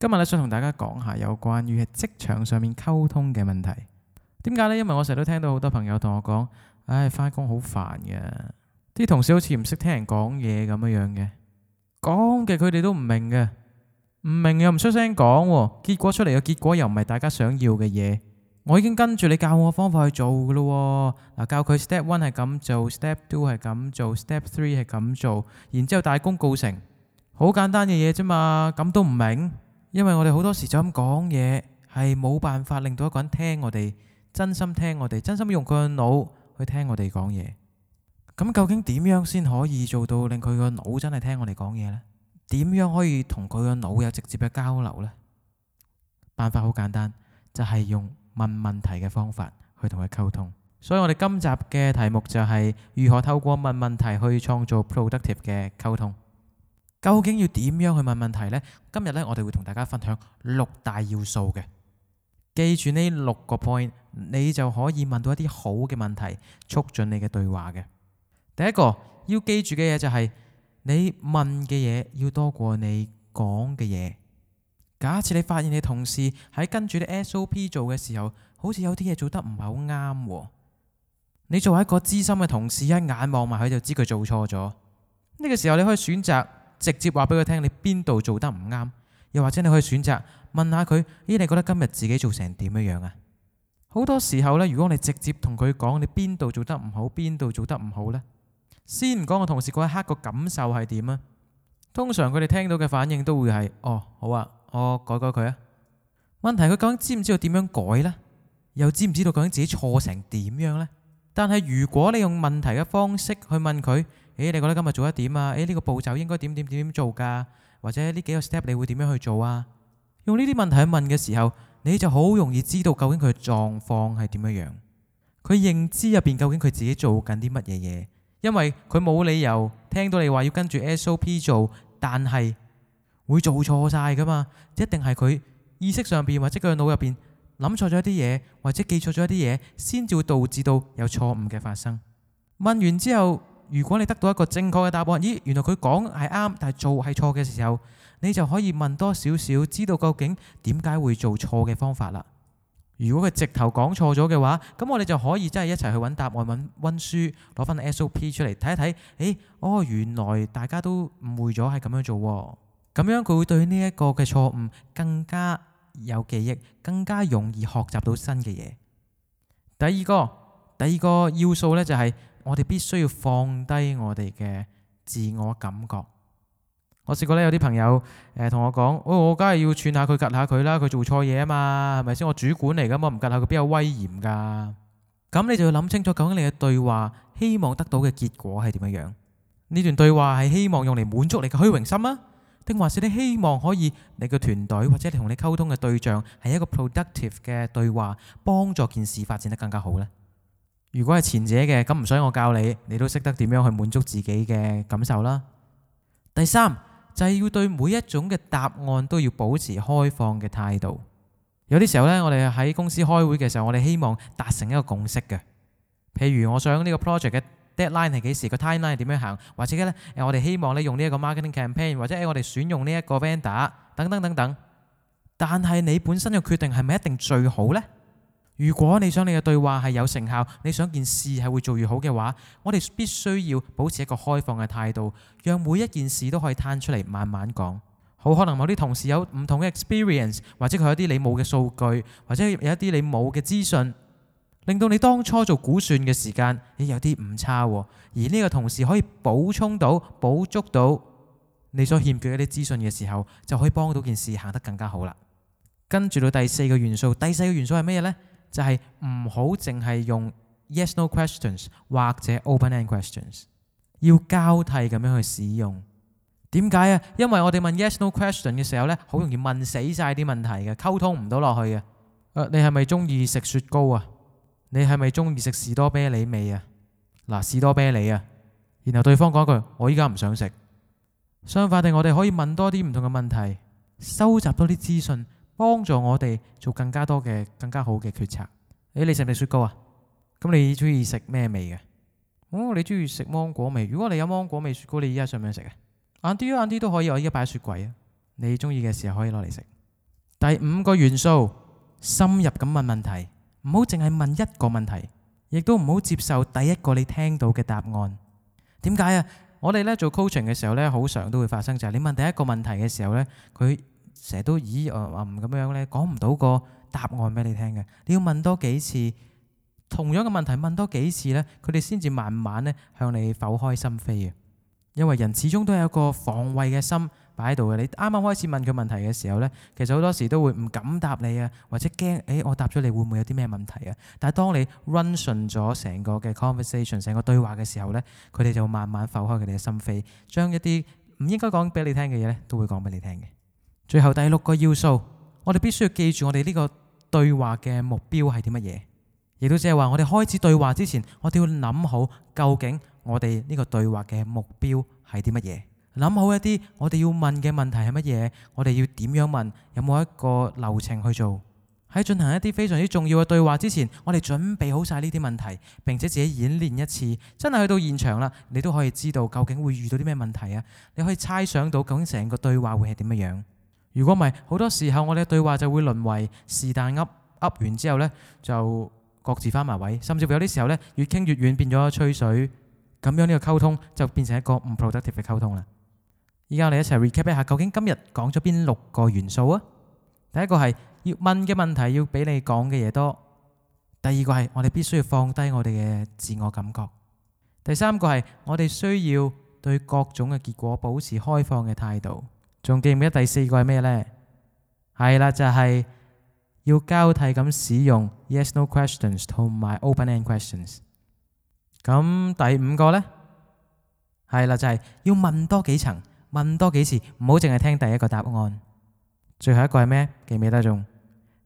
今日咧想同大家講下有關於喺職場上面溝通嘅問題。點解呢？因為我成日都聽到好多朋友同我講，唉，翻工，好煩嘅，啲同事好似唔識聽人講嘢咁樣樣嘅，講嘅佢哋都唔明嘅，唔明又唔出聲講，哦，結果出嚟嘅結果又唔係大家想要嘅嘢。我已經跟住你教我方法去做噶啦，嗱，教佢 step one 係咁做，step two 係咁做，step three 係咁做，然之後大功告成，好簡單嘅嘢啫嘛，咁都唔明。因為我哋好多時就咁講嘢，係冇辦法令到一個人聽我哋真心聽我哋，真心用佢嘅腦去聽我哋講嘢。咁究竟點樣先可以做到令佢個腦真係聽我哋講嘢呢？點樣可以同佢個腦有直接嘅交流呢？辦法好簡單，就係用問問題嘅方法去同佢溝通。所以我哋今集嘅題目就係如何透過問問題去創造 productive 嘅溝通。究竟要點樣去問問題呢？今日呢，我哋會同大家分享六大要素嘅，記住呢六個 point，你就可以問到一啲好嘅問題，促進你嘅對話嘅。第一個要記住嘅嘢就係，你問嘅嘢要多過你講嘅嘢。假設你發現你同事喺跟住啲 SOP 做嘅時候，好似有啲嘢做得唔係好啱，你作為一個資深嘅同事，一眼望埋佢就知佢做錯咗。呢個時候你可以選擇。直接話俾佢聽，你邊度做得唔啱？又或者你可以選擇問下佢：咦，你覺得今日自己做成點樣樣啊？好多時候呢，如果你直接同佢講你邊度做得唔好，邊度做得唔好呢？先唔講我同事嗰一刻個感受係點啊？通常佢哋聽到嘅反應都會係：哦，好啊，我改改佢啊。問題佢究竟知唔知道點樣改呢？又知唔知道究竟自己錯成點樣呢？但係如果你用問題嘅方式去問佢。誒、哎，你覺得今日做得點啊？誒、哎，呢、這個步驟應該點點點點做㗎？或者呢幾個 step，你會點樣去做啊？用呢啲問題去問嘅時候，你就好容易知道究竟佢狀況係點樣樣。佢認知入邊究竟佢自己做緊啲乜嘢嘢？因為佢冇理由聽到你話要跟住 S O P 做，但係會做錯晒噶嘛？一定係佢意識上邊或者佢腦入邊諗錯咗一啲嘢，或者記錯咗一啲嘢，先至會導致到有錯誤嘅發生。問完之後。如果你得到一個正確嘅答案，咦，原來佢講係啱，但係做係錯嘅時候，你就可以問多少少，知道究竟點解會做錯嘅方法啦。如果佢直頭講錯咗嘅話，咁我哋就可以真係一齊去揾答案，揾溫書，攞翻 SOP 出嚟睇一睇。誒，哦，原來大家都誤會咗，係咁樣做。咁樣佢會對呢一個嘅錯誤更加有記憶，更加容易學習到新嘅嘢。第二個，第二個要素呢，就係，就係。我哋必須要放低我哋嘅自我感覺。我試過呢，有啲朋友誒同、呃、我講，哦、哎，我梗係要串下佢，夾下佢啦，佢做錯嘢啊嘛，係咪先？我主管嚟噶嘛，唔夾下佢邊有威嚴㗎？咁你就要諗清楚究竟你嘅對話希望得到嘅結果係點樣樣？呢段對話係希望用嚟滿足你嘅虛榮心啊，定還是你希望可以你嘅團隊或者你同你溝通嘅對象係一個 productive 嘅對話，幫助件事發展得更加好呢？如果係前者嘅，咁唔使我教你，你都識得點樣去滿足自己嘅感受啦。第三就係要對每一種嘅答案都要保持開放嘅態度。有啲時候呢，我哋喺公司開會嘅時候，我哋希望達成一個共識嘅。譬如我想呢個 project 嘅 deadline 係幾時，個 timeline 係點樣行，或者呢誒我哋希望你用呢一個 marketing campaign，或者誒我哋選用呢一個 vendor 等等等等。但係你本身嘅決定係咪一定最好呢？如果你想你嘅對話係有成效，你想件事係會做越好嘅話，我哋必須要保持一個開放嘅態度，讓每一件事都可以攤出嚟慢慢講。好可能某啲同事有唔同嘅 experience，或者佢有啲你冇嘅數據，或者有一啲你冇嘅資訊，令到你當初做估算嘅時間咦有啲誤差喎、哦。而呢個同事可以補充到、補足到你所欠缺嘅啲資訊嘅時候，就可以幫到件事行得更加好啦。跟住到第四個元素，第四個元素係咩呢？就係唔好淨係用 yes/no questions 或者 open-end questions，要交替咁樣去使用。點解啊？因為我哋問 yes/no question 嘅時候呢，好容易問死晒啲問題嘅，溝通唔到落去嘅。呃，你係咪中意食雪糕啊？你係咪中意食士多啤梨味啊？嗱、啊，士多啤梨啊。然後對方講句：我依家唔想食。相反地，我哋可以問多啲唔同嘅問題，收集多啲資訊。幫助我哋做更加多嘅、更加好嘅決策。誒、欸，你食唔食雪糕啊？咁你中意食咩味嘅？哦，你中意食芒果味。如果你有芒果味雪糕，你依家想唔想食啊？晏啲啊，晏、嗯、啲、嗯嗯嗯嗯嗯嗯、都可以。我依家擺喺雪櫃啊，你中意嘅時候可以攞嚟食。第五個元素，深入咁問問題，唔好淨係問一個問題，亦都唔好接受第一個你聽到嘅答案。點解啊？我哋咧做 coaching 嘅時候咧，好常都會發生就係、是、你問第一個問題嘅時候咧，佢。成日都咦，唔咁樣咧，講唔到個答案俾你聽嘅。你要問多幾次同樣嘅問題，問多幾次咧，佢哋先至慢慢咧向你剖開心扉嘅。因為人始終都有一個防衞嘅心擺喺度嘅。你啱啱開始問佢問題嘅時候咧，其實好多時都會唔敢答你啊，或者驚，誒、欸、我答咗你會唔會有啲咩問題啊？但係當你 run 順咗成個嘅 conversation，成個對話嘅時候咧，佢哋就慢慢剖開佢哋嘅心扉，將一啲唔應該講俾你聽嘅嘢咧，都會講俾你聽嘅。最後第六個要素，我哋必須要記住我哋呢個對話嘅目標係啲乜嘢，亦都即係話我哋開始對話之前，我哋要諗好究竟我哋呢個對話嘅目標係啲乜嘢，諗好一啲我哋要問嘅問題係乜嘢，我哋要點樣問，有冇一個流程去做。喺進行一啲非常之重要嘅對話之前，我哋準備好晒呢啲問題，並且自己演練一次，真係去到現場啦，你都可以知道究竟會遇到啲咩問題啊？你可以猜想到究竟成個對話會係點樣樣。如果唔係，好多時候我哋嘅對話就會淪為是但噏噏完之後呢，就各自翻埋位，甚至乎有啲時候呢，越傾越遠，變咗吹水。咁樣呢個溝通就變成一個唔 productive 嘅溝通啦。依家我哋一齊 recap 一下，究竟今日講咗邊六個元素啊？第一個係要問嘅問題要比你講嘅嘢多；第二個係我哋必須要放低我哋嘅自我感覺；第三個係我哋需要對各種嘅結果保持開放嘅態度。仲記唔記得第四個係咩呢？係啦，就係要交替咁使用 yes-no questions 同埋 open-end questions。咁第五個呢，係啦，就係要問多幾層，問多幾次，唔好淨係聽第一個答案。最後一個係咩？記唔記得仲？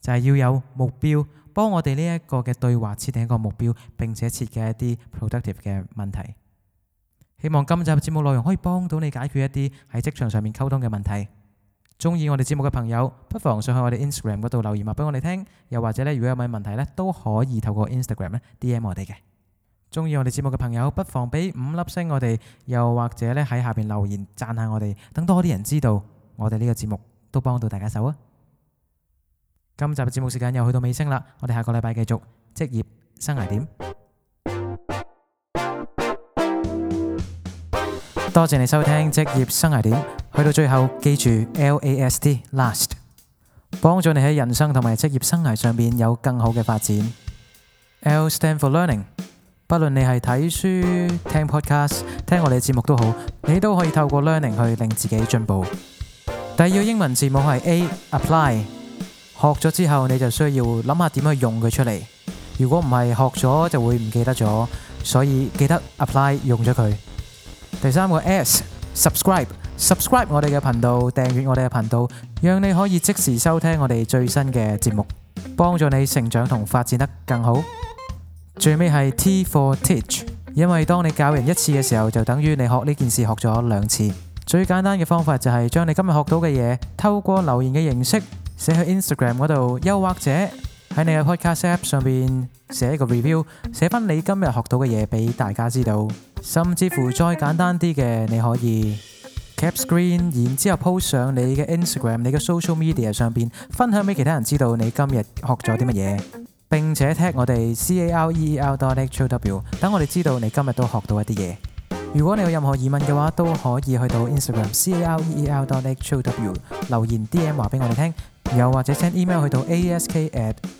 就係要有目標，幫我哋呢一個嘅對話設定一個目標，並且設計一啲 productive 嘅問題。希望今集嘅節目內容可以幫到你解決一啲喺職場上面溝通嘅問題。中意我哋節目嘅朋友，不妨上去我哋 Instagram 嗰度留言話俾我哋聽。又或者咧，如果有咩問題咧，都可以透過 Instagram 咧 DM 我哋嘅。中意我哋節目嘅朋友，不妨俾五粒星我哋。又或者咧，喺下邊留言讚下我哋，等多啲人知道我哋呢個節目都幫到大家手啊！今集嘅節目時間又去到尾聲啦，我哋下個禮拜繼續職業生涯點。多謝你收聽職業生涯點，去到最後記住 L A S T last，幫助你喺人生同埋職業生涯上面有更好嘅發展。L stand for learning，不論你係睇書、聽 podcast、聽我哋嘅節目都好，你都可以透過 learning 去令自己進步。第二個英文字母係 A apply，學咗之後你就需要諗下點樣用佢出嚟。如果唔係學咗就會唔記得咗，所以記得 apply 用咗佢。第三個 S，subscribe，subscribe 我哋嘅頻道，訂閱我哋嘅頻道，讓你可以即時收聽我哋最新嘅節目，幫助你成長同發展得更好。最尾係 T for Teach，因為當你教人一次嘅時候，就等於你學呢件事學咗兩次。最簡單嘅方法就係將你今日學到嘅嘢，透過留言嘅形式寫去 Instagram 嗰度，又或者，喺你嘅 Podcast App 上邊寫一個 review，寫翻你今日學到嘅嘢，俾大家知道。甚至乎再簡單啲嘅，你可以 cap screen，然之後 post 上你嘅 Instagram、你嘅 social media 上邊分享俾其他人知道你今日學咗啲乜嘢，並且 tag 我哋 Career.how，等我哋知道你今日都學到一啲嘢。如果你有任何疑問嘅話，都可以去到 Instagram Career.how 留言 DM 話俾我哋聽，又或者 send email 去到 ASK@。